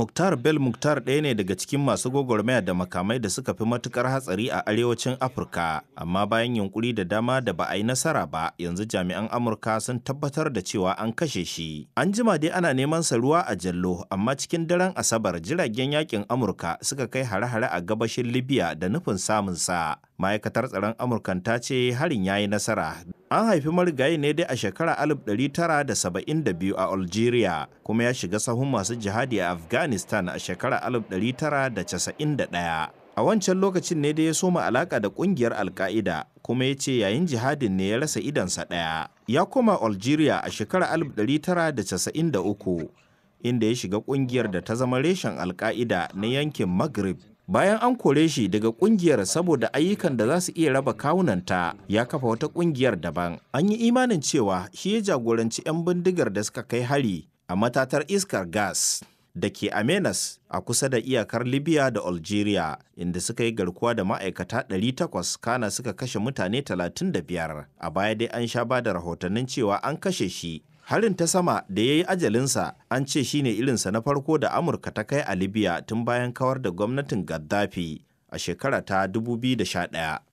Muktar Bel Muktar ɗaya ne daga cikin masu gwagwarmaya da makamai da suka fi matukar hatsari a arewacin Afirka, amma bayan yunkuri da dama da ba a yi nasara ba, yanzu jami'an Amurka sun tabbatar da cewa an kashe shi. An jima dai ana neman sa ruwa a jallo, amma cikin daren Asabar jiragen yakin Amurka suka kai hare-hare a gabashin Libya da nufin samun sa. Ma'aikatar tsaron Amurkan ta ce harin ya yi nasara An haifi marigayi ne dai a shekara 1972 a Algeria kuma ya shiga sahun masu jihadi a Afghanistan a shekara 1991. A wancan lokacin ne dai ya soma alaka da kungiyar Alka'ida kuma ya ce yayin jihadin ne ya rasa idansa ɗaya. Ya koma Algeria a shekara 1993 inda ya shiga kungiyar da ta zama reshen Alka'ida na yankin Maghrib bayan an kore shi daga kungiyar saboda ayyukan da za su iya raba kawunanta ya kafa wata kungiyar daban an yi imanin cewa shi ya jagoranci 'yan bindigar da suka kai hari a matatar iskar gas da ke amenas a kusa da iyakar libya da algeria inda suka yi garkuwa da ma'aikata 800 kana suka kashe mutane 35 a baya dai an sha ba da rahotannin cewa an kashe shi harin ta sama da ya yi ajalinsa an ce shine irinsa na farko da amurka ta kai a libya tun bayan kawar da gwamnatin gaddafi a shekara ta 2011